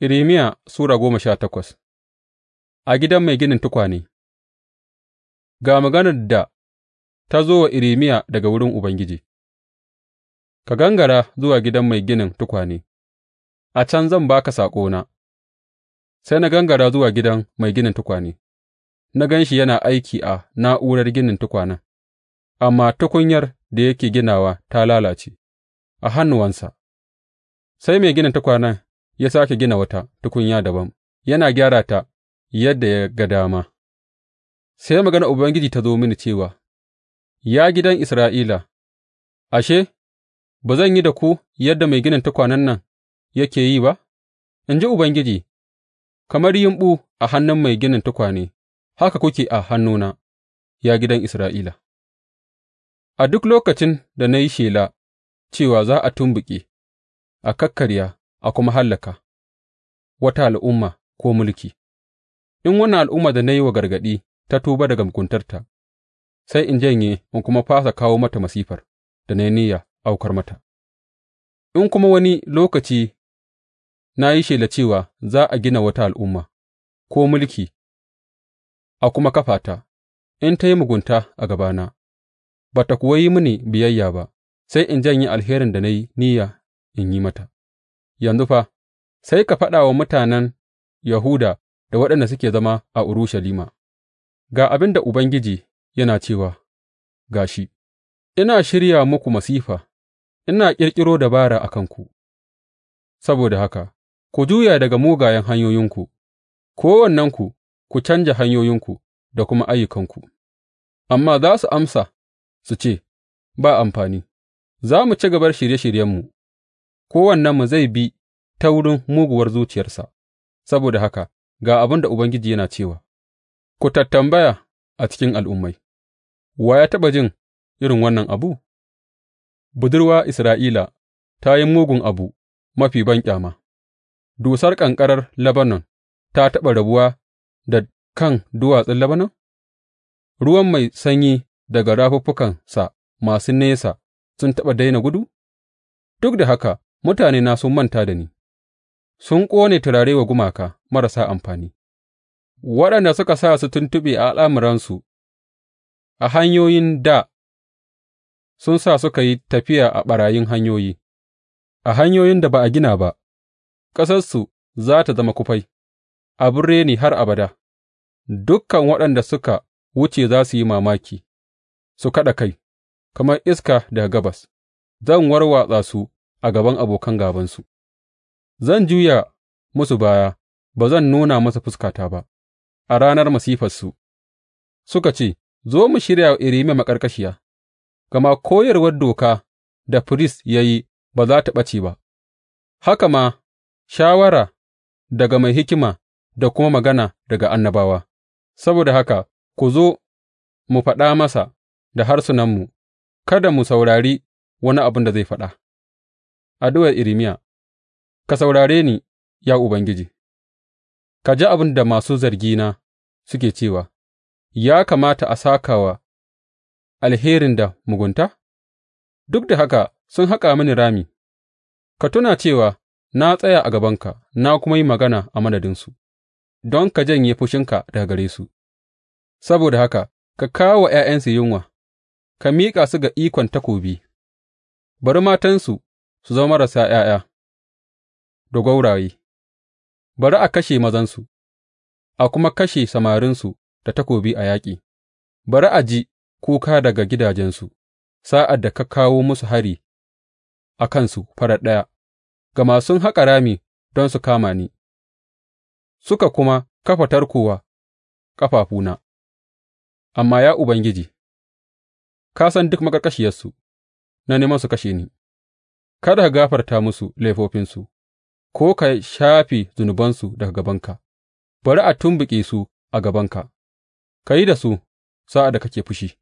Irimiya Sura goma sha takwas A gidan mai ginin tukwane Ga maganar da ta zo wa Irmiya daga wurin Ubangiji, Ka gangara zuwa gidan mai ginin tukwane, a can zan ba ka saƙona, sai na gangara zuwa gidan mai ginin tukwane, na gan shi yana aiki a na'urar ginin tukwanen, amma tukunyar da yake ginawa ta lalace a hannuwansa, sai mai ginin tukwanen ya sāke gina wata tukunya dabam, yana gyara ta yadda ya ga dama. Sai maganar Ubangiji ta zo mini cewa, Ya gidan Isra'ila, ashe, ba zan yi da ku yadda mai ginin tukwanen nan yake yi ba, in ji Ubangiji, kamar yimɓu a hannun mai ginin tukwane, haka kuke a hannuna, ya gidan Isra'ila. A duk lokacin da na yi shela cewa za a tumbuke, a kakkarya, a kuma hallaka wata al'umma ko mulki, in wannan al'umma da na yi wa gargaɗi ta tuba daga muguntarta, sai in janye in kuma fasa kawo mata masifar da na yi niyya aukar mata, in kuma wani lokaci na yi shela cewa za a gina wata al'umma ko mulki a kuma kafa ta, in ta yi mugunta a gabana, ba ta kuwa yi mini biyayya ba, sai in janye alherin da na yi niyya in yi mata. yanzu fa, sai ka faɗa wa mutanen Yahuda da waɗanda suke zama a Urushalima, Ga abin da Ubangiji yana cewa, Ga shi, ina shirya muku masifa, ina ƙirƙiro dabara a kanku, saboda haka, ku juya daga mugayen hanyoyinku, kowannenku ku canja hanyoyinku da kuma ayyukanku, amma za su amsa su ce, Ba amfani, za mu ci gaba da shirye shiryenmu. kowannenmu zai bi ta wurin muguwar zuciyarsa, saboda haka ga abin da Ubangiji yana cewa, Ku tattambaya a cikin al'ummai, wa ya taɓa jin irin wannan abu? Budurwa Isra'ila ta yi mugun abu mafi banƙyama, dusar ƙanƙarar Lebanon ta taɓa rabuwa da kan duwatsun Lebanon? Ruwan mai sanyi daga rafuffukansa masu nesa sun taɓa daina gudu? Duk da haka Mutanena sun manta da ni; sun ƙone turare wa gumaka marasa amfani, waɗanda suka sa su tuntuɓe a al'amuransu a hanyoyin da sun sa suka yi tafiya a ɓarayin hanyoyi, a hanyoyin da ba a gina ba; ƙasarsu za tă zama kufai, abin reni har abada, Dukkan waɗanda suka wuce za su yi mamaki su kaɗa kai kamar iska daga gabas; zan warwatsa su. a gaban abokan gābansu; zan juya musu baya ba zan nuna musu fuskata ba a ranar masifarsu, suka ce, Zo mu shirya wa Irmiya maƙarƙashiya, gama koyarwar doka da firist ya yi ba za ta ɓace ba, haka ma shawara daga mai hikima da kuma magana daga annabawa, saboda haka ku zo mu faɗa masa da harsunanmu, kada mu saurari wani abin da zai faɗa. Addu'ar Irmiya Ka saurare ni, ya Ubangiji; ka ji abin da masu zargina suke cewa, Ya kamata a sāka wa alherin da mugunta, duk da haka sun haƙa mini rami; ka tuna cewa na tsaya a gabanka na kuma yi magana a madadinsu, don ka janye fushinka daga gare su, saboda haka ka kawo wa ’ya'yansu yunwa ka miƙa su ga ikon takobi; bari matansu. su zama marasa ’ya'ya da gwauraye, bari a kashe mazansu, a kuma kashe samarinsu da takobi a yaƙi, bari a ji kuka daga gidajensu sa'ad da ka kawo musu hari a kansu farat ɗaya, gama sun haƙa rami don su kama ni, suka kuma kafa tarko wa ƙafafuna, amma, ya Ubangiji, ka san duk maƙarƙashiyarsu na neman su kashe ni. Kada ka gafarta musu laifofinsu ko ka shafe zunubansu daga gabanka; bari a tumɓuke su a gabanka ka yi da su sa'ad da kake fushi.